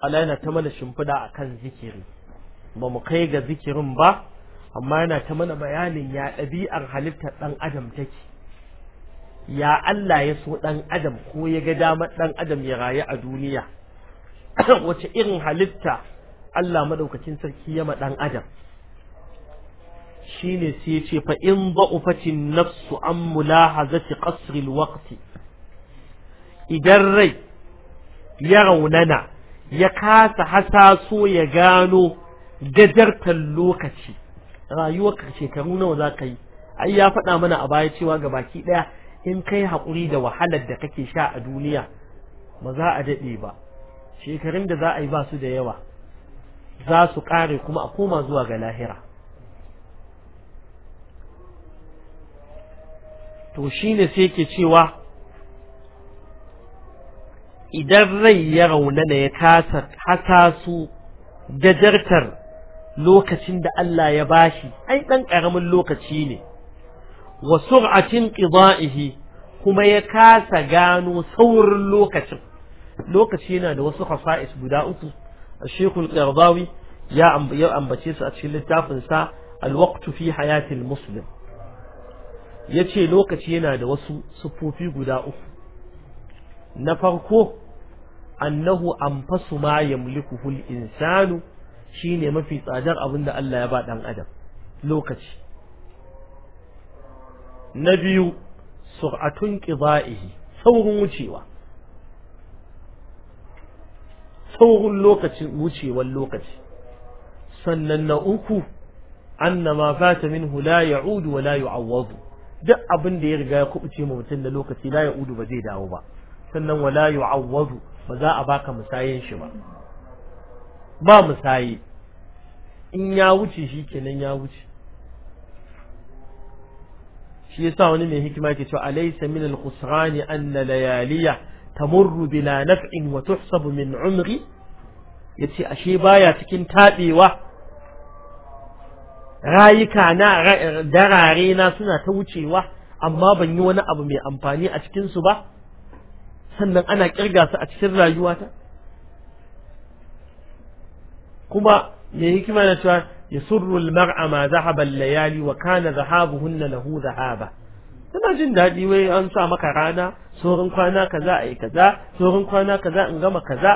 Allah yana ta mana shimfiɗa akan zikiri ba mu kai ga zikirin ba amma yana ta mana bayanin ya ɗabi'ar halittar ɗan adam take ya Allah ya so ɗan adam ko ya ga damar ɗan adam ya rayu a duniya wace irin halitta Allah maɗaukacin sarki ya ma ɗan adam shine sai ce fa in ba'ufatin nafsu an mulahazati qasri alwaqti idan rai ya raunana ya kasa hasaso ya gano gajartar lokaci rayuwarka shekaru nawa za ka yi ai ya faɗa mana a baya cewa ga baki ɗaya in kai haƙuri da wahalar da kake sha a duniya ba za a daɗe ba shekarun da za a yi ba su da yawa za su ƙare kuma a koma zuwa ga lahira to shine sai ke cewa idan rai ya rauna raunana ya kasa hasasu gajartar lokacin da Allah ya bashi ai dan karamin lokaci ne wa sur'atin qida'ihi kuma ya kasa gano saurin lokacin lokaci yana da wasu khasa'is guda uku Sheikhul Qardawi ya ambace su a cikin littafin sa al waqtu fi Hayatil Muslim yace lokaci yana da wasu sufofi guda uku na farko annahu anfasu ma yamlikuhu al-insanu shine mafi tsadar abin da Allah ya ba dan adam lokaci na biyu sur'atun qida'ihi saurin wucewa saurin lokacin wucewar lokaci sannan na uku ma fata minhu la ya'udu wa la yu'awwadu duk abin da ya riga ya kubuce mu mutum da lokaci la ya'udu ba zai dawo ba sannan wala yu'awwadu ba za a baka musayen shi ba ba musaye in ya wuce shi kenan ya wuce shi yasa wani mai hikima ke cewa alaysa min al-khusran an layaliya tamurru bila naf'in wa tuhsabu min umri yace ashe baya cikin tabewa rayuka na darare na suna ta wucewa amma ban yi wani abu mai amfani a cikin su ba sannan ana kirga su a cikin rayuwata kuma mai hikima na cewa yasurru al-mar'a ma zahaba al-layali wa kana dhahabuhunna lahu zahaba tana jin daɗi wai an sa maka rana sauran kwana kaza yi kaza sauran kwana kaza in gama kaza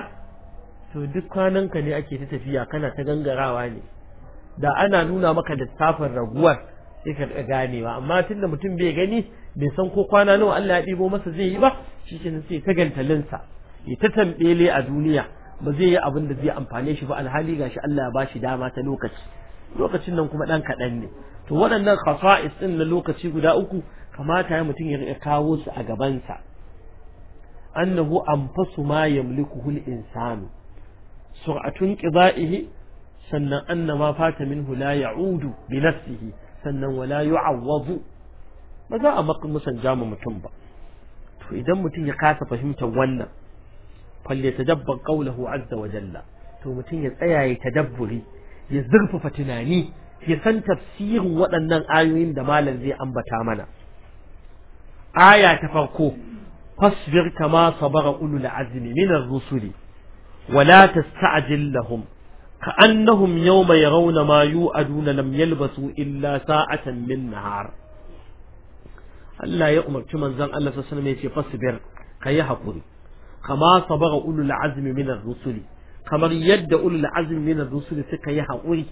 to duk kwananka ne ake ta tafiya kana ta gangarawa ne da ana nuna maka littafin raguwar sai ka ganewa amma tunda mutum bai gani bai san ko kwana nawa Allah ya ɗibo masa zai yi ba shi ke sai ta gantalinsa ya ta tambele a duniya ba zai yi abin da zai amfane shi ba alhali gashi Allah ya ba shi dama ta lokaci lokacin nan kuma ɗan kaɗan ne to waɗannan khasa'is ɗin na lokaci guda uku kamata ya mutum ya kawo su a gabansa annahu anfasu ma yamlikuhu al-insanu sur'atun qida'ihi sannan annama ma fata minhu la ya'udu bi nafsihi sannan wala yu'awwadu ba za a maka musanja mu mutum ba to idan mutum ya kasa fahimtar wannan falyatadabbar qawluhu azza wa jalla to mutum ya tsaya ya tadabburi ya zurfafa tunani ya san tafsirin waɗannan ayoyin da malam zai ambata mana aya ta farko fasbir kama sabara ulul azmi min ar-rusuli wala tasta'jil lahum كأنهم يوم يرون ما يوعدون لم يلبسوا إلا ساعة من نهار الله يأمر كما زال الله صلى الله عليه فاصبر كي حقوري كما صبر أولو العزم من الرسل كما يد أولو العزم من الرسل سكي حقوري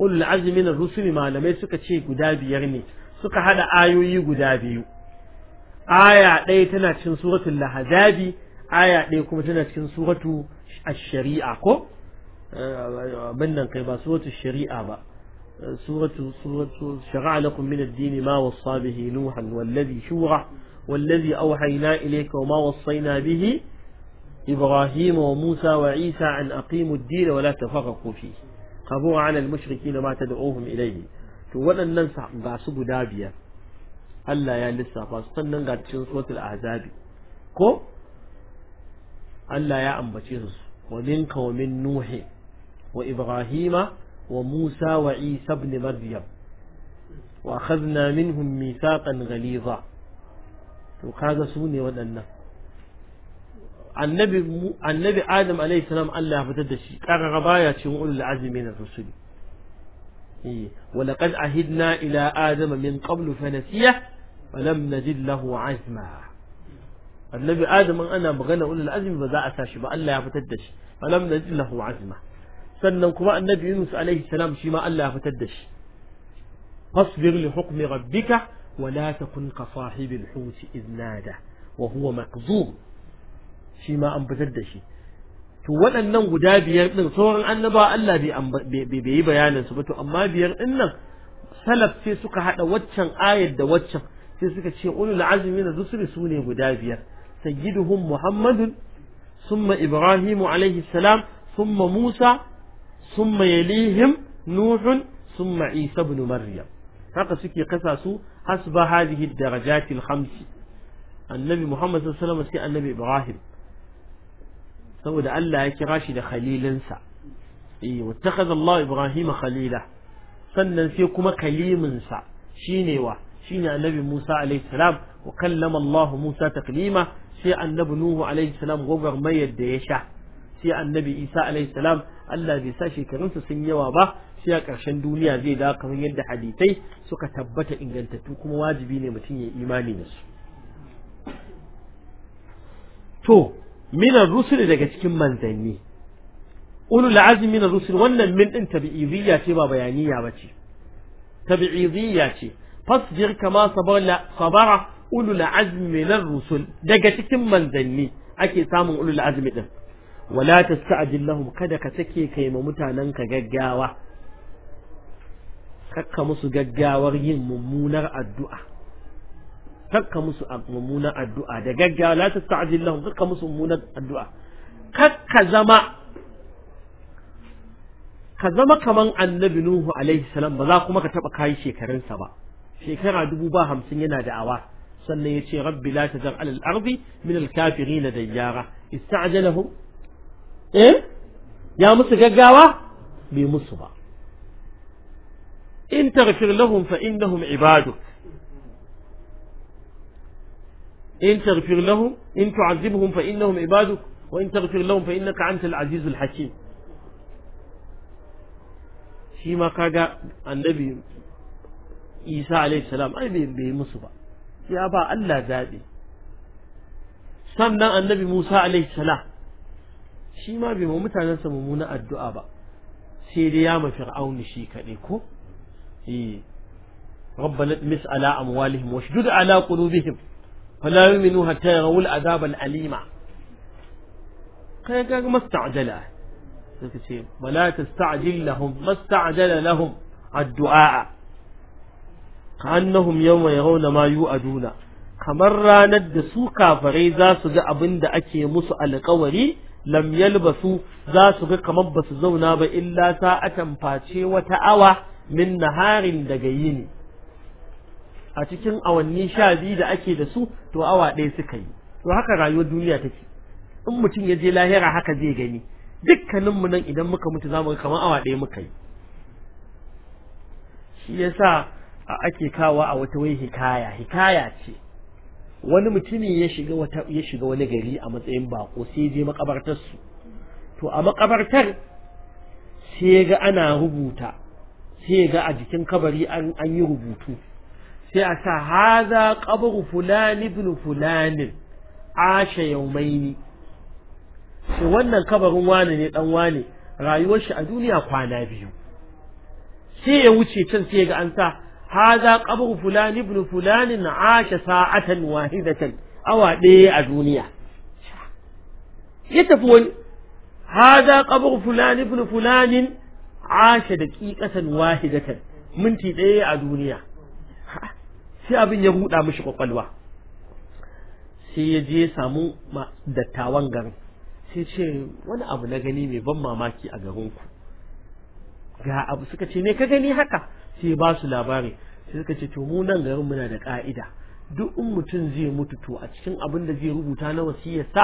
أولو العزم من الرسل ما لم يسكى شيء قدابي يغني سكى هذا آيوي قدابي آية ليتنا تشن سورة اللهزابي آية ليكم تنا تشن سورة الشريعة كو من انقبا سورة الشريعة با سورة, سورة شرع لكم من الدين ما وصى به نوحا والذي شورع والذي أوحينا إليك وما وصينا به إبراهيم وموسى وعيسى أن أقيموا الدين ولا تفرقوا فيه قبوا على المشركين ما تدعوهم إليه ولن الننسى بعصب دابية ألا يا لسا فاستنى قد سورة الأعزاب كو ألا يا أم بشيص ومنك ومن نوح وإبراهيم وموسى وعيسى بن مريم وأخذنا منهم ميثاقا غليظا وكذا سوني ودنا النبي النبي آدم عليه السلام قال فتد الشيء قال غباية شمول العزم من الرسل إيه. ولقد عهدنا إلى آدم من قبل فنسيه فلم نجد له عزما النبي آدم أنا بغنى أولي العزم فذا أساشي بأن لا يفتدش فلم نجد له عزما sannan kuma annabi Yunus alaihi salam shi ma Allah ya fitar da shi fasbir li hukmi rabbika wa la takun ka sahibil huti idnada wa huwa makzum shi ma an fitar da shi to waɗannan guda biyar din sauran annaba Allah bai yi bayanin su ba to amma biyar din nan salaf sai suka hada waccan ayar da waccan sai suka ce ulul azmi na rusuli su ne guda biyar sayyiduhum muhammadun summa ibrahimu alaihi salam summa musa ثم يليهم نوح ثم عيسى بن مريم haka suke kasa su hasba hadhihi darajati al annabi Muhammad sallallahu sai annabi Ibrahim saboda Allah ya kira shi da khalilinsa eh wattakhadha Ibrahim khalila sannan sai kuma kaliminsa shine wa shine annabi Musa alaihi salam wa kallama Allah Musa taklima sai annabi Nuhu alaihi salam gogar mai ya sha sai annabi Isa Allah bai sa shekarunsa sun yawa ba sai a ƙarshen duniya zai da kamar yadda hadisai suka tabbata ingantattu kuma wajibi ne mutum ya imani da su to minan rusul daga cikin manzanni ulul azmi minar rusul wannan min din ce ba bayaniya ba ce tabi'iziyya ce fasjir kama sabara sabara ulul azmi rusul daga cikin manzanni ake samun ulul azmi din wala tasta'jil lahum kada ka take kai ma mutanen ka gaggawa kakka musu gaggawar yin mummunar addu'a kakka musu mummunar addu'a da gaggawa la tasta'jil lahum kakka musu mummunar addu'a kakka zama ka zama kaman annabi nuhu alaihi salam ba za kuma ka taba kai sa ba shekara dubu ba hamsin yana da awa sannan ya ce rabbi la tazar alal ardi min al kafirin dayyara ista'jalahum eh ya musu gaggawa bai musu ba in tarfir lahum fa innahum ibaduk in tarfir lahum in tu'azibhum fa innahum ibaduk wa in tarfir lahum fa innaka antal azizul hakim shi ma kaga annabi Isa alayhi salam ai bai musu ba ya ba Allah zabi sannan annabi Musa alayhi salam shi ma bai wa mutanensa mummuna addu'a ba sai dai ya ma fir'auni shi kaɗai ko eh ربنا اطمس على أموالهم واشدد على قلوبهم فلا يؤمنوا حتى يروا العذاب الأليم كان ما استعجل ولا تستعجل لهم ما استعجل لهم الدعاء كأنهم يوم يرون ما يؤدون kamar ranar da su kafarai za su ga abin da ake musu alkawari lam yalbasu za su ga kamar ba su zauna ba illa sa'atan face wata awa min naharin daga yini a cikin awanni sha biyu da ake da su to awa ɗaya suka yi to haka rayuwar duniya take in mutum ya je lahira haka zai gani dukkaninmu nan idan muka mutu za mu ga kamar awa ɗaya muka yi shi yasa ake kawa a wata wai hikaya hikaya ce wani mutumin ya shiga wata ya shiga wani gari a matsayin bako sai je makabartar su to a makabartar sai ga ana rubuta sai ga a jikin kabari an an yi rubutu sai a sa haza qabru fulan ibn fulan asha yawmaini to wannan kabarin wani ne dan wani rayuwar shi a duniya kwana biyu sai ya wuce can sai ga an sa haza qabru fulan ibn fulan asha sa'atan wahidatan awa ɗaya a duniya ya tafi wani haza qabru fulan ibn fulan asha daqiqatan wahidatan minti ɗaya a duniya sai abin ya buɗa mishi kwakwalwa sai ya je ya samu dattawan garin sai ce wani abu na gani mai ban mamaki a garinku ga abu suka ce me ka gani haka sai ba su labari sai suka ce to mu nan garin muna da ka'ida duk in mutum zai mutu to a cikin abin da zai rubuta na wasiyarsa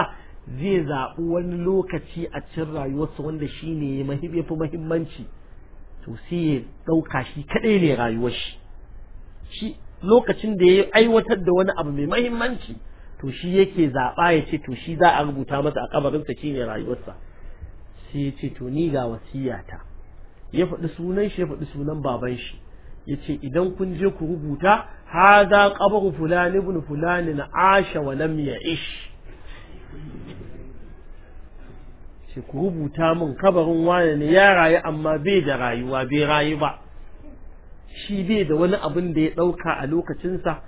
zai zaɓi wani lokaci a cikin rayuwarsa wanda shi ne ya fi mahimmanci to sai ya ɗauka shi kaɗai ne rayuwar shi lokacin da ya aiwatar da wani abu mai mahimmanci to shi yake zaɓa ya ce to shi za a rubuta masa a kabarinsa shi ne rayuwarsa sai ya ce to ni ga wasiyata ya faɗi sunan shi ya faɗi sunan baban shi Ya ce idan kun je ku rubuta haza fulani fulan ibn na asha wa lam ya'ish sai ku rubuta min kabarin wane ne ya rayu amma bai da rayuwa bai rayu ba shi bai da wani abin da ya ɗauka a lokacinsa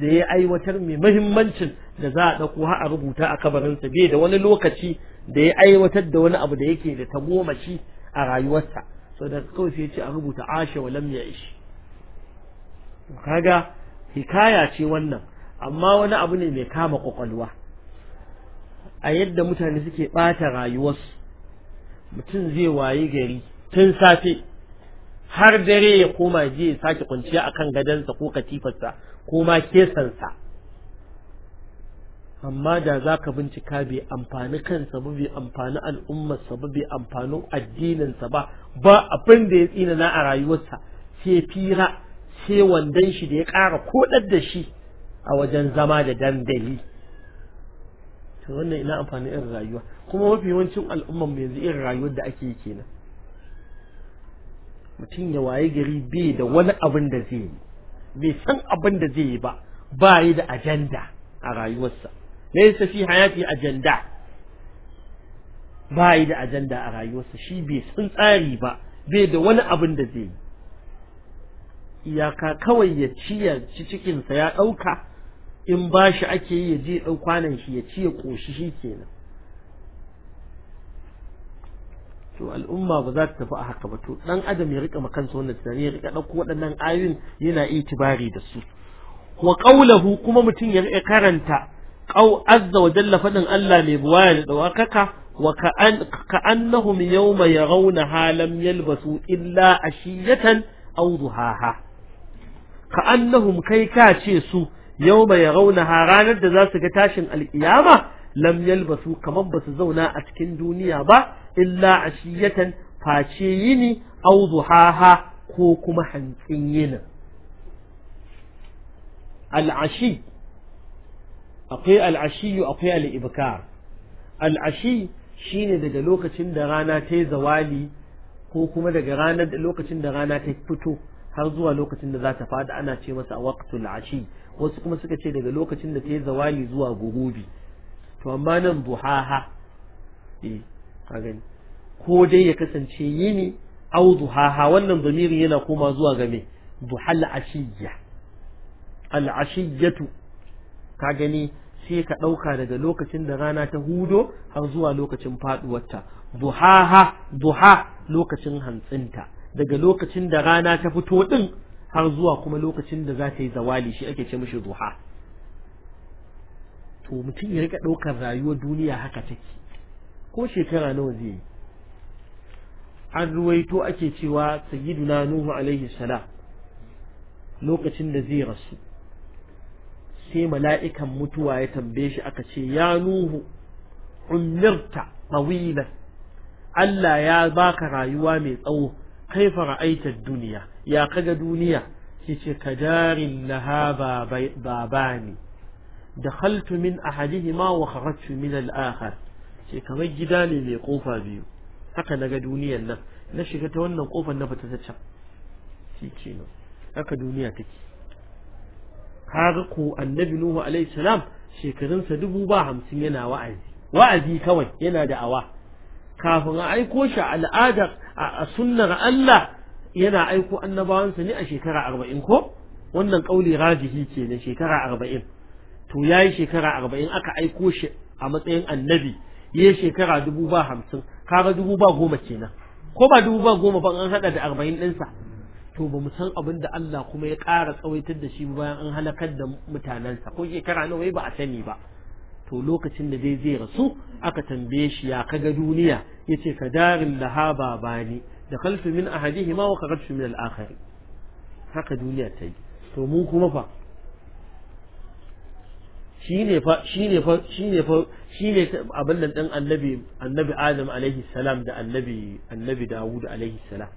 da ya aiwatar mai mahimmancin da za a ɗauko har a rubuta a kabarinsa bai da wani lokaci da ya aiwatar da wani abu da yake da tagomaci a rayuwarsa sau da kawai sai ce a rubuta ashe wa lam ya ishi kaga hikaya ce wannan amma wani abu ne mai kama kwakwalwa a yadda mutane suke ɓata rayuwarsu mutum zai wayi gari tun safe har dare ya koma je ya sake kwanciya akan gadansa ko katifarsa ko ma kesansa amma da za ka bincika bai amfani kansa ba bai amfani al'ummarsa ba bai amfani addininsa ba ba abin da ya tsina na a rayuwarsa sai fira sai wandon shi da ya ƙara koɗar da shi a wajen zama da dandali to wannan ina amfani irin rayuwa kuma mafi yawancin al'ummar mu yanzu irin rayuwar da ake yi kenan mutum ya waye gari bai da wani abin da zai yi bai san abin da zai yi ba ba yi da ajanda a rayuwarsa laysa fi hayati ajanda bai da ajanda a rayuwarsa shi bai san tsari ba bai da wani abin da zai yi iyaka kawai ya ci ya ci cikinsa ya ɗauka in ba shi ake yi ya je ɗau shi ya ci ya ƙoshi shi kenan to al'umma ba za ta tafi a haka ba to ɗan adam ya rika makansa wannan tunani ya rika ɗauko waɗannan ayoyin yana itibari da su wa qawluhu kuma mutum ya rika karanta qau azza wa jalla fadin Allah mai buwaya da dawakaka wa ka'annahum yawma yarawna halam yalbasu illa ashiyatan aw duhaha ka'annahum kai ka ce su yawma yarawna ranar da za su ga tashin alkiyama lam yalbasu ba basu zauna a cikin duniya ba illa ashiyatan face yini aw duhaha ko kuma hantsin yini, al'ashi akwai al'ashiyu akwai al'ibkar al'ashi shine daga lokacin da rana ta zawali ko kuma daga ranar lokacin da rana ta fito har zuwa lokacin da za ta fada ana ce masa a waktu al'ashi wasu kuma suka ce daga lokacin da ta yi zawali zuwa gurubi to amma nan buhaha eh ka gani ko dai ya kasance yini au duhaha wannan zamirin yana koma zuwa game me duhal al ashiyatu ka gani sai ka ɗauka daga lokacin da rana ta hudo har zuwa lokacin faɗuwarta buhaha duha lokacin hantsinta daga lokacin da rana ta fito ɗin har zuwa kuma lokacin da za ta yi zawali shi ake ce mishi duha to mutum ya rika ɗaukar rayuwar duniya haka take ko shekara nawa zai yi an ruwaito ake cewa sayyiduna nuhu alaihi salam lokacin da zai rasu sai mala'ikan mutuwa ya tambaye shi aka ce ya nuhu umirta tawilan Allah ya baka rayuwa mai tsawo kai fara'aita duniya ya kaga duniya ce yace kadarin laha babani dakhaltu min ahadihima wa kharajtu min al-akhar ce kamar gida ne mai kofa biyu haka naga duniyar nan na shiga ta wannan kofar na fita ta can shi nan haka duniya take kaga ko annabi nuhu alayhi salam shekarunsa dubu ba hamsin yana wa'azi wa'azi kawai yana da awa kafin a aiko shi al'ada a sunnar Allah yana aiko annabawansa ne a shekara arba'in ko wannan kauli rajihi ke ne shekara arba'in to ya yi shekara arba'in aka aiko shi a matsayin annabi ya shekara dubu ba hamsin kaga dubu ba goma kenan ko ba dubu ba goma ba an haɗa da arba'in ɗinsa to ba mu san abin da Allah kuma ya ƙara tsawaitar da shi bayan an halakar da mutanensa ko shekara nawa ba a sani ba to lokacin da dai zai rasu aka tambaye shi ya kaga duniya yace ka darin laha bani da kalfi min ma wa ka min al-akhar haka duniya ta yi to mu kuma fa shine fa shine fa shine fa shine abin nan din annabi annabi Adam alaihi salam da annabi annabi Dawud alaihi salam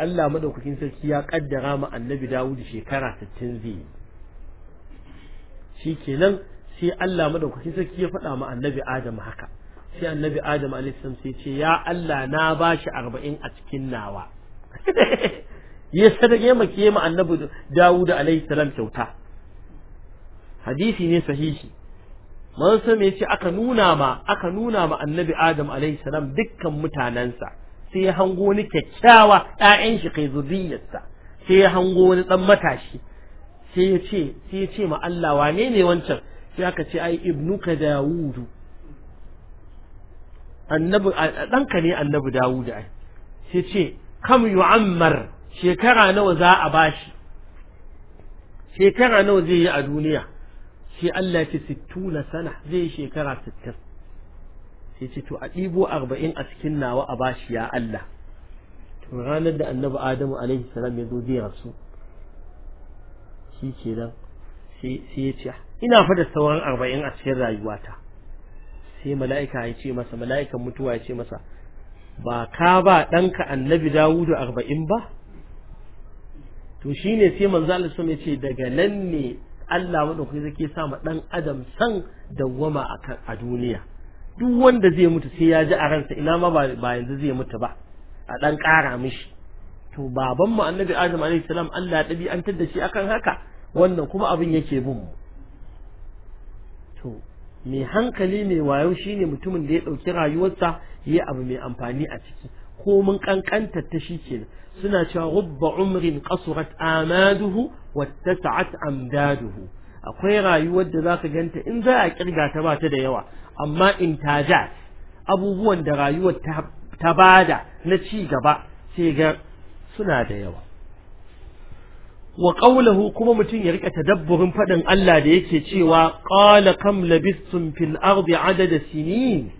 Allah madaukakin sarki ya kaddara ma annabi Dawud shekara 60 zai shikenan sai Allah madaukakin sarki ya faɗa ma annabi Adam haka sai annabi Adam alaihissalam sai ce ya Allah na bashi 40 a cikin nawa ya sadake ke ma annabi Dawud alaihissalam kyauta hadisi ne sahihi manzo me yace aka nuna ma aka nuna ma annabi Adam alaihissalam dukkan mutanansa sai ya hango wani kyakkyawa ɗayan shi kai zuriyarsa sai ya hango wani ɗan matashi sai ya ce sai ya ce ma Allah wane ne wancan sai aka ce ai ka dawudu annabi ɗanka ne annabi dawudu ai sai ce kam yu'ammar shekara nawa za a bashi shekara nawa zai yi a duniya sai Allah ya ce 60 sana zai yi shekara sittin yace to a ɗibo arba'in a cikin nawa a bashi ya Allah to ranar da annabi adamu alaihi salam ya zo zai rasu shi ke nan sai ya ce ina fa da sauran arba'in a cikin rayuwata sai mala'ika ya ce masa mala'ikan mutuwa ya ce masa ba ka ba ɗanka annabi dawudu arba'in ba to ne sai manzo Allah ya ce daga nan ne Allah madaukaki zai ke sa ma dan adam san dawwama a duniya duk wanda zai mutu sai ya ji a ransa ina ma ba yanzu zai mutu ba a dan ƙara mishi to baban mu annabi adam alayhi salam Allah ya an da shi akan haka wannan kuma abin yake bin mu to me hankali mai wayo shine mutumin da ya ɗauki rayuwarsa ya abu mai amfani a ciki ko mun kankanta ta shi kenan suna cewa rubba umrin qasrat amaduhu wattasat amdaduhu akwai rayuwar da zaka ganta in za a kirga ta ba ta da yawa amma intajat abubuwan da rayuwar ta bada na ci gaba sai ga suna da yawa wa qawluhu kuma mutum ya rika tadabburin fadin Allah da yake cewa qala kam labistum fil ardi adada sinin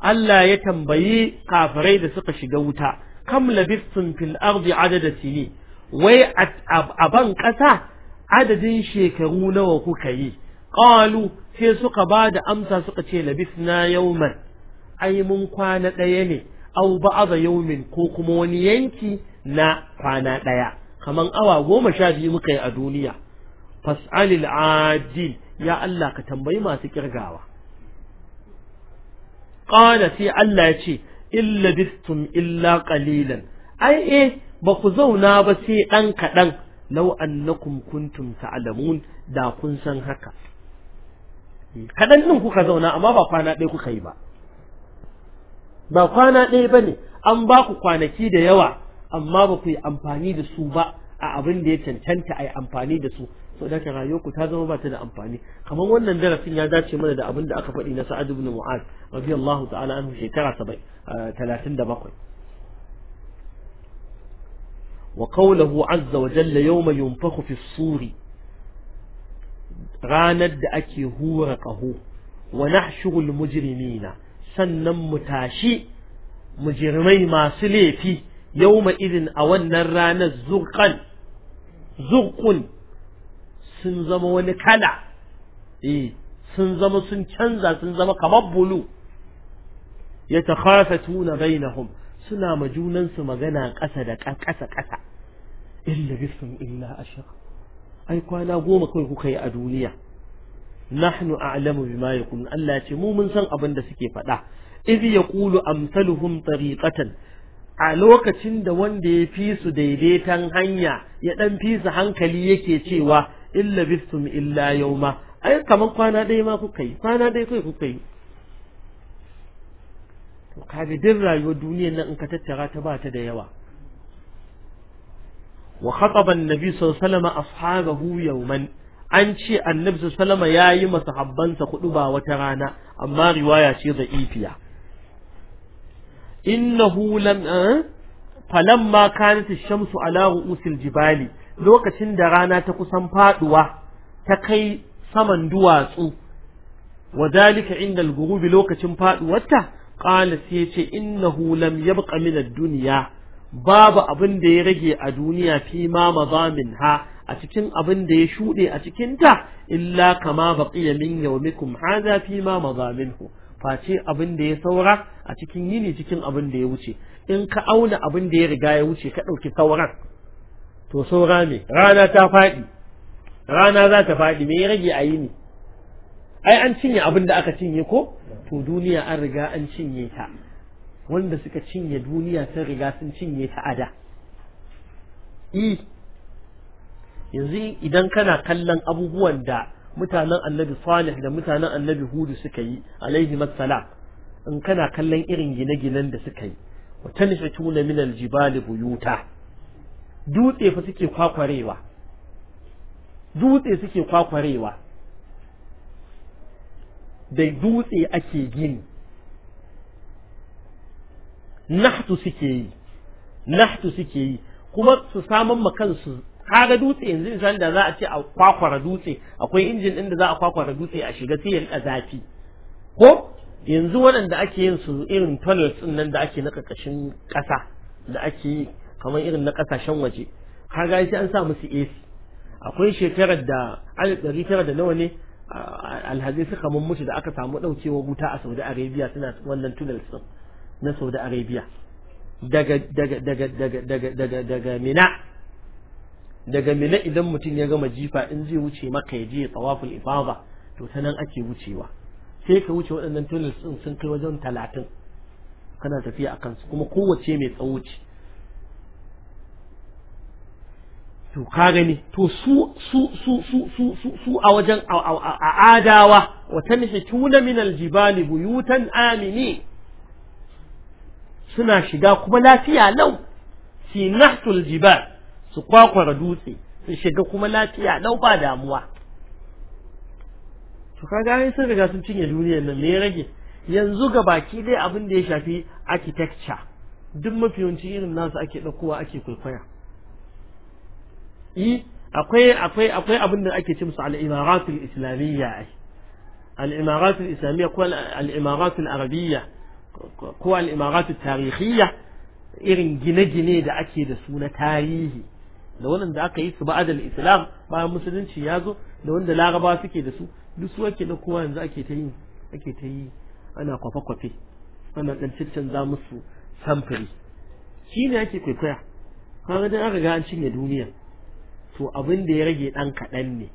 Allah ya tambayi kafirai da suka shiga wuta kam labistum fil ardi adada sinin wai a ban kasa adadin shekaru nawa kuka yi qalu sai suka ba da amsa suka ce labisna yawman ai mun kwana ɗaya ne au ba'adha yawmin ko kuma wani yanki na kwana ɗaya kaman awa goma sha biyu muka yi a duniya fas'alil adil ya Allah ka tambayi masu kirgawa qala sai Allah ya ce illa bistum illa qalilan ai eh ba ku zauna ba sai dan kadan law annakum kuntum ta'lamun da kun san haka kaɗan ɗin kuka zauna amma ba kwana ɗaya kuka yi ba ba kwana ɗaya ba ne an ba ku kwanaki da yawa amma ba ku yi amfani da su ba a abin da ya cancanta a yi amfani da su so da ka ku ta zama ba ta da amfani kamar wannan darasin ya dace mana da abin da aka faɗi na sa'ad ibn mu'az radiyallahu ta'ala anhu shekara 37 وقوله عز azza wa jalla في الصور fi ranar da ake hura ƙaho wa nahshurul mujrimina sannan mu tashi mujrimai masu laifi yawma idin a wannan ranar zurqan zurqun sun zama wani kala eh sun zama sun canza sun zama kamar bulu ya yatakhafatuna bainahum suna ma junansu magana ƙasa da ƙasa ƙasa illa bisum illa ashra ai kwana goma kawai kuka yi a duniya nahnu a'lamu bima yakun Allah ya ce mu mun san abin da suke faɗa iz yaqulu amsaluhum tariqatan a lokacin da wanda ya fi su daidaitan hanya ya dan fi su hankali yake cewa illa bistum illa yawma ai kaman kwana ɗaya ma kuka yi kwana ɗaya kai kuka yi to bi din rayuwar duniyar nan in ka tattara ta ba ta da yawa wa khataba annabi sallallahu alaihi wasallam ashabahu yawman an ce annabi sallallahu alaihi wasallam yayi masahabbansa kudu ba wata rana amma riwaya ce da ifiya innahu lam eh, falamma kanat ash-shamsu ala ru'usil jibali lokacin da rana ta kusan faduwa ta kai saman duwatsu wa dalika inda al-ghurub lokacin faduwarta qala sai yace innahu lam yabqa min ad-dunya babu abin da ya rage a duniya fi ma mazamin ha a cikin abin da ya shuɗe a cikin cikinta illa kama baqiya min yawmikum hadha fi ma mazaminhu face abin da ya saura a cikin yini cikin abin da ya wuce in ka auna abin da ya riga ya wuce ka ɗauki sauran to saura ne rana ta faɗi rana za ta faɗi me ya rage a yini ai an cinye abin da aka cinye ko to duniya an riga an cinye ta wanda suka cinye duniya sun riga sun cinye ta ada i e, yanzu idan kana kallon abubuwan da mutanen annabi salih da mutanen annabi hudu suka yi alaihi masala in kana kallon irin gine-ginen da suka yi wa tuna min aljibali buyuta dutse fa suke kwakwarewa dutse suke kwakwarewa da dutse ake gini nahtu suke yi nahtu suke yi kuma su saman ma kansu kaga dutse yanzu misali da za a ce a kwakwara dutse akwai injin din da za a kwakwara dutse a shiga sai ya zafi ko yanzu waɗanda ake yin su irin tunnels din nan da ake na ƙarƙashin ƙasa da ake yi kamar irin na ƙasashen waje kaga sai an sa musu AC akwai shekarar da alif ɗari tara da nawa ne alhazi suka mun mutu da aka samu ɗaukewar wuta a Saudi Arabia suna wannan tunnels din na Saudi Arabia daga daga daga daga daga daga daga Mina daga Mina idan mutum ya gama jifa in zai wuce maka ya je tawaful ifada to ta nan ake wucewa sai ka wuce waɗannan tunnels din sun kai wajen talatin kana tafiya akan su kuma kowace mai tsawo ce to ka gani to su su su su su su su a wajen a adawa wa tanhituna min aljibali buyutan amini suna shiga kuma lafiya lau si nahtul jibal su kwakwara dutse su shiga kuma lafiya lau ba damuwa to kaga ai sun riga sun cinye duniyar nan me rage yanzu ga baki dai abin da ya shafi architecture duk mafiyanci irin nasu ake ɗaukowa ake kwaikwaya yi eh, akwai akwai akwai abin da ake cimsu al-imaratul islamiyya ai al-imaratul islamiyya ko al-imaratul arabiyya ko al'imaratu tarihiyya irin gine-gine da ake da su na tarihi da da aka yi su ba'adal islam bayan musulunci ya zo da wanda laraba suke da su duk su na kowa yanzu ake ta yi ake ta yi ana kwafe-kwafe ana ɗan za musu samfuri shi ne ake kwaikwaya kaga dan aka ga an cinye duniya to abin da ya rage ɗan kaɗan ne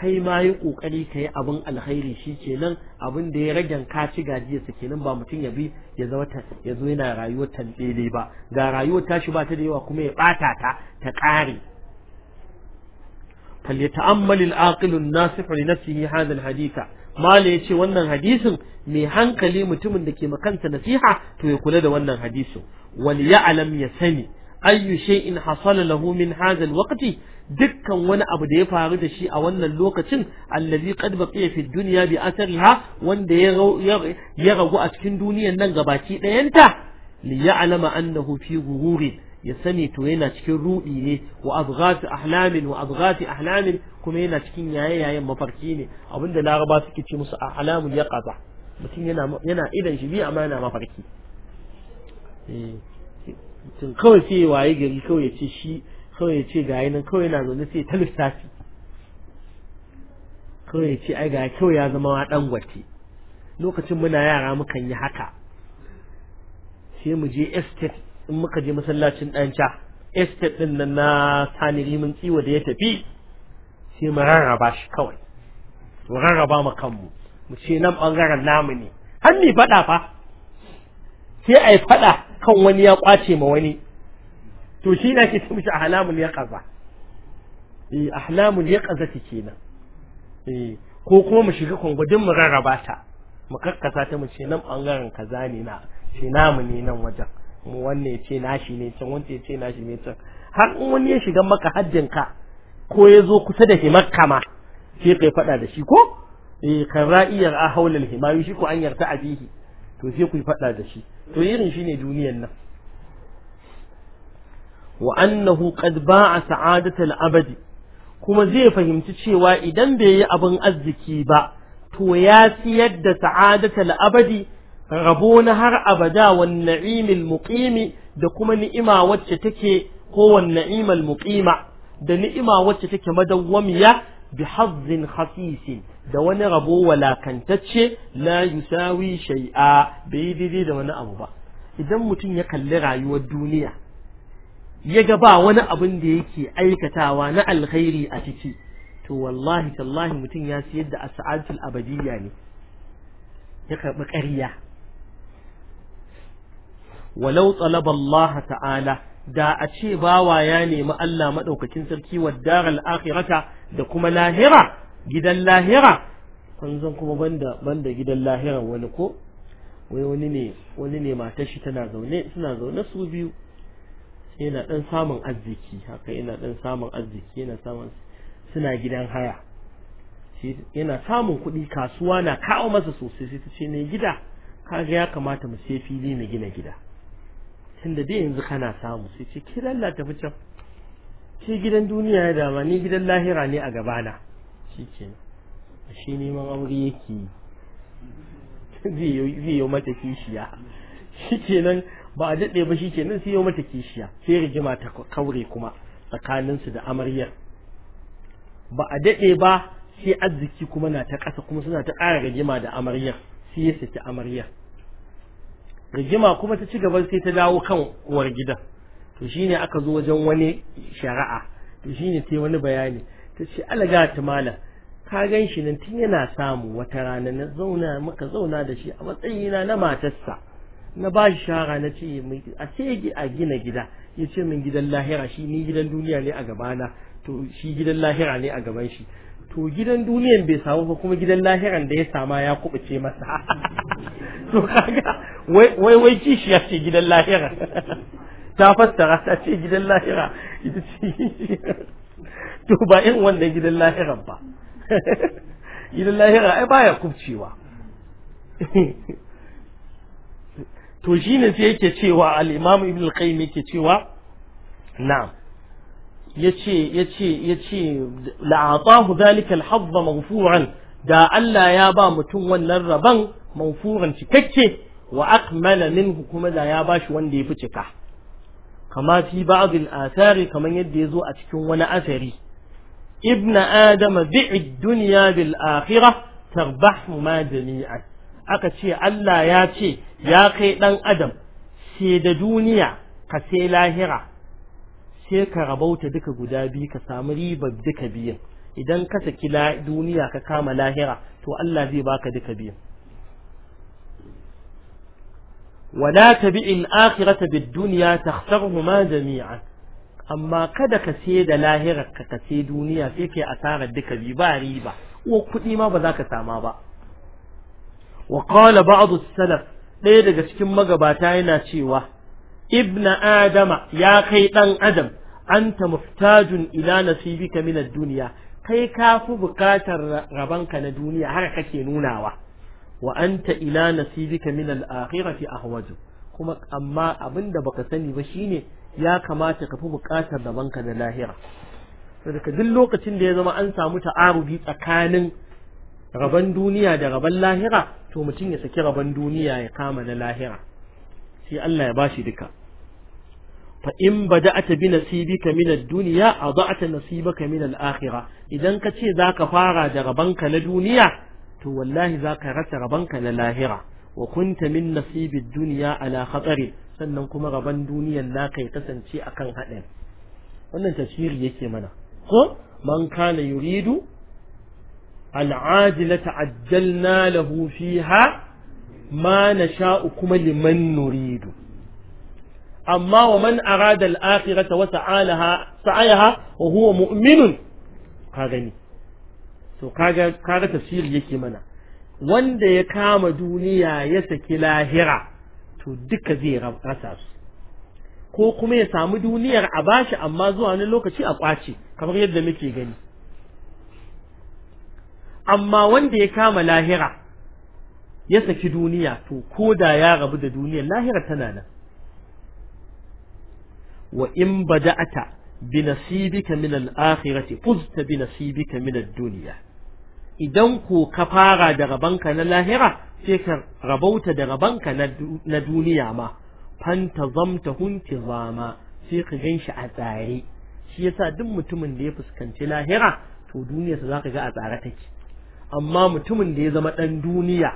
kai ma yi kokari ka yi abin alkhairi shi kenan abin da ya ragen ka ci gajiyarsa kenan ba mutum ya bi ya zama ya zo yana rayuwar tantsele ba ga rayuwar tashi ba ta da yawa kuma ya ɓata ta ta ƙare na العاقل na لنفسه hadin الحديث ما ya yace wannan hadisin mai hankali mutumin da ke makanta nasiha to ya kula da wannan hadisin wal ya'lam ya sani ayyu shay'in hasala lahu min hadha alwaqti dukkan wani abu da ya faru da shi a wannan lokacin allazi qad baqiya fi dunya bi athariha wanda ya ragu a cikin duniyar nan gabaki dayanta li ya'lama annahu fi ghururin ya sani to yana cikin rudi ne wa abghati ahlamin wa abghati ahlamin kuma yana cikin yaye yayen mafarki ne abinda laraba suke ce musu ahlamul yaqaza mutum yana yana idan shi bi amma yana mafarki eh mutum kawai sai ya waye gari kawai ya ce shi kawai ya ce gayi nan kawai na zaune sai ta lissafi kawai ya ce ai gayi kawai ya zama wa dan gwate lokacin muna yara mukan yi haka sai mu je estate in muka je masallacin dan ca estate din nan na sani rimin tsiwa da ya tafi sai mu rarraba shi kawai mu rarraba mu kanmu mu ce nan bangaren namu ne har ni faɗa fa sai ai faɗa kan wani ya kwace ma wani to shi na ke mishi ahlamul yaqaza eh ahlamul yaqaza kenan eh ko kuma mu shiga kwangwadin mu rarraba ta mu karkasa ta mu ce nan bangaren kaza ne na ce namu ne nan wajen mu wanne ya ce nashi ne can wanda ya ce nashi ne can har in wani ya shiga maka haddin ka ko ya zo kusa da himakka ma sai kai faɗa da shi ko eh kan ra'iyar a haulal himayu shi ko an yarta abihi to sai ku yi faɗa da shi to irin shine duniyan nan wa annahu qad ba'a sa'adatal abadi kuma zai fahimci cewa idan bai yi abin arziki ba to ya siyar da sa'adatal abadi rabo na har abada wa na'imil muqimi da kuma ni'ima wacce take ko wa na'imal muqima da ni'ima wacce take madawwamiya bi hazzin khafisin da wani rabo walakantacce la yusawi shai'a bai yi daidai da wani abu ba idan mutum ya kalli rayuwar duniya ya ga ba wani abin da yake aikatawa na alkhairi a ciki to wallahi tallahi mutum ya siyar da as'adul abadiyya ne ya karɓi ƙarya walau talaba Allah ta'ala da a ce bawa ya nemi Allah madaukakin sarki wa daral akhirata da kuma lahira gidan lahira kun zan kuma banda banda gidan lahira wani ko wai wani ne wani ne mata shi tana zaune suna zaune su biyu yana dan samun arziki haka yana dan samun arziki yana samun suna gidan haya yana samun kuɗi kasuwa na kawo masa sosai sai ta ce ne gida kaga ya kamata mu sai fili mu gina gida tunda dai yanzu kana samu sai ce ki lallata fi can ke gidan duniya ya dama ni gidan lahira ne a gabana shi ke shi neman aure yake zai yi mata kishiya shi nan ba a daɗe ba shi nan sai yi mata kishiya sai rigima ta kaure kuma tsakaninsu da amaryar ba a daɗe ba sai arziki kuma na ta ƙasa kuma suna ta ƙara rigima da amaryar sai ya saki amaryar rigima kuma ta ci gaba sai ta dawo kan uwar gidan to shine aka zo wajen wani shari'a to shine sai wani bayani ta ce alaga ta malam ka gan shi nan tun yana samu wata rana na zauna muka zauna da shi a matsayina na matarsa na ba shi shara na ce a ce a gina gida ya ce min gidan lahira shi ni gidan duniya ne a gabana to shi gidan lahira ne a gaban shi to gidan duniyan bai samu ba kuma gidan lahiran da ya sama ya kubuce masa to kaga wai wai kishi ya ce gidan lahira ta fassara ta ce gidan lahira ita ce to ba in wanda gidan lahiran ba idan lahira ai baya kubcewa to ne sai yake cewa al-imam ibn al-qayyim yake cewa na'am yace yace yace la'atahu dhalika al-hadd da Allah ya ba mutum wannan rabon maghfuran cikakke wa akmala minhu kuma da ya bashi wanda ya fi cika kama fi ba'd asari kamar kaman yadda zo a cikin wani asari ibn adama bi'id duniya bil akhirah tarbahu ma jami'an aka ce Allah ya ce ya kai dan adam sai da duniya ka sai lahira sai ka rabauta duka guda biyu ka samu ribar duka biyun idan ka saki duniya ka kama lahira to Allah zai baka duka biyun wala tabi'il akhirata bid dunya takhsaruhuma jami'an amma kada ka sai da lahirar ka ka sai duniya sai asarar duka bi ba riba wa kuɗi ma ba za ka sama ba wa qala ba'd salaf ɗaya daga cikin magabata yana cewa ibna adama ya kai dan adam anta muhtajun ila nasibika min ad-dunya kai ka fi bukatar rabanka na duniya har kake nunawa wa anta ila nasibika min al-akhirati ahwaju kuma amma abinda baka sani ba shine ya kamata ka fi buƙatar rabanka da lahira saboda duk lokacin da ya zama an samu ta'arubi tsakanin raban duniya da raban lahira to mutum ya saki raban duniya ya kama na lahira sai Allah ya bashi duka fa in bada'ata bi nasibika min ad-dunya adha'ata nasibaka min al-akhirah idan ka ce zaka fara da rabanka na duniya to wallahi zaka rasa rabanka na lahira wa kunta min nasibid dunya ala khatari sannan kuma rabon duniyan naka ya kasance akan haɗin wannan tafsiri yake mana ko man kana yuridu al'ajilata ajjalna lahu fiha ma nasha'u kuma liman nuridu amma wa man arada al'akhirata wa sa'alaha sa'ayaha wa huwa mu'minun ka gani to kaga kaga tafsiri yake mana wanda ya kama duniya ya saki lahira to duka zai rasa su ko kuma ya samu duniyar a bashi amma zuwa wani lokaci a kwace kamar yadda muke gani amma wanda ya kama lahira ya saki duniya to ko da ya rabu da duniyar lahira tana nan wa in bada'ata bi nasibika min al-akhirati fuzta bi nasibika min ad-dunya idan ko ka fara da rabanka na lahira sai ka rabauta da rabanka na duniya ma fanta zamta hunti zama sai ka gan shi a tsare shi yasa duk mutumin da ya fuskanci lahira to duniya za ka ga a tsare take amma mutumin da ya zama ɗan duniya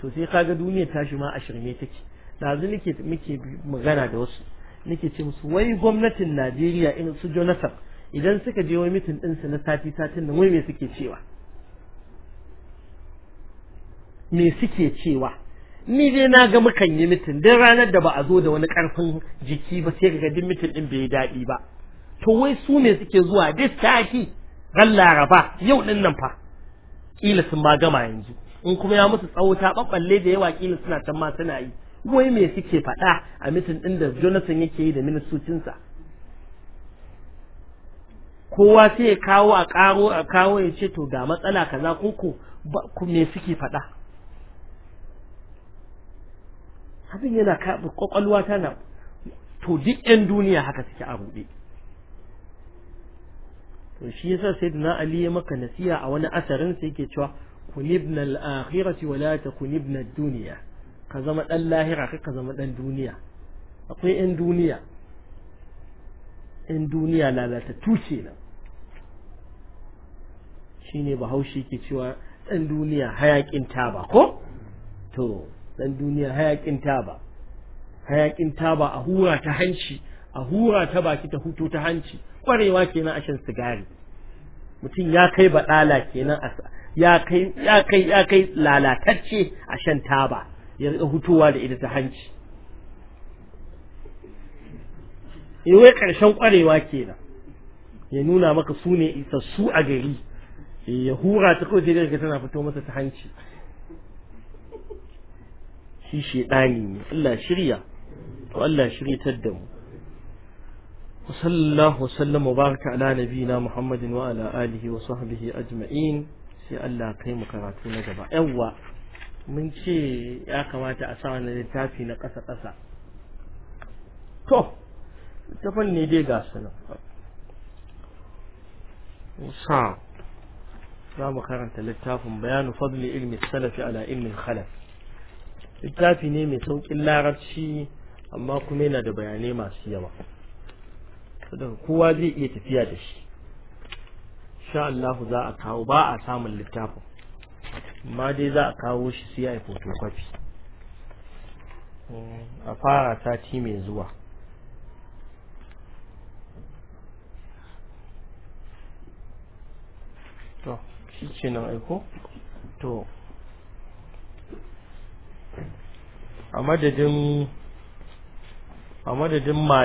to sai kaga ta shi ma a shirme take Dazu nake muke magana da wasu nake ce musu wai gwamnatin Najeriya in su Jonathan idan suka je wai mitin su na sati satin nan wai me suke cewa me suke cewa ni dai na ga mukan yi mitin dan ranar da ba a zo da wani karfin jiki ba sai ga duk mitin din bai daɗi ba to wai su ne suke zuwa duk sati ran laraba yau din nan fa kila sun ma gama yanzu in kuma ya musu tsawo ta babballe da yawa kila suna can ma suna yi wai me suke faɗa a mitin din da Jonathan yake yi da ministocinsa kowa sai ya kawo a karo a kawo ya ce to ga matsala kaza koko me suke faɗa abin yana kaɓa kwakwalwa tana to duk 'yan duniya haka suke a ruɗe to shi yasa sayyidina ali ya maka nasiha a wani asarin sai yake cewa kunibna al-akhirati wa la takunibna ad-dunya ka zama ɗan lahira ka ka zama ɗan duniya akwai 'yan duniya 'yan duniya lalata tuce na shine bahaushe ke cewa ɗan duniya hayaƙin ta ba ko to dan duniya hayakin taba hayakin taba a hura ta hanci a hura ta baki ta huto ta hanci kwarewa kenan a shan sigari mutum ya kai baɗala kenan ya kai ya kai ya kai lalatacce a shan taba ya rika hutowa da ita ta hanci eh, wai karshen kwarewa kenan ya nuna maka su ne isassu a gari eh, ya hura ta kawai sai daga tana fito masa ta hanci shi shaidani ne Allah shirya to Allah shiryatar da mu sallallahu sallam mubaraka ala nabina muhammadin wa ala alihi wa sahbihi ajma'in sai Allah kai mu karatu na gaba yawa mun ce ya kamata a sa wannan littafi na kasa kasa to ta fanni dai ga sanan sa za mu karanta littafin bayanu fadli ilmi salafi ala ilmi khalaf littafi ne mai sauƙin larabci amma kuma yana da bayanai masu yawa don kowa zai iya tafiya da shi sha Allah za a kawo ba a samun littafin amma dai za a kawo shi sai a yi photocopy a fara sati mai zuwa to shi ce nan aiko to a madadin a madadin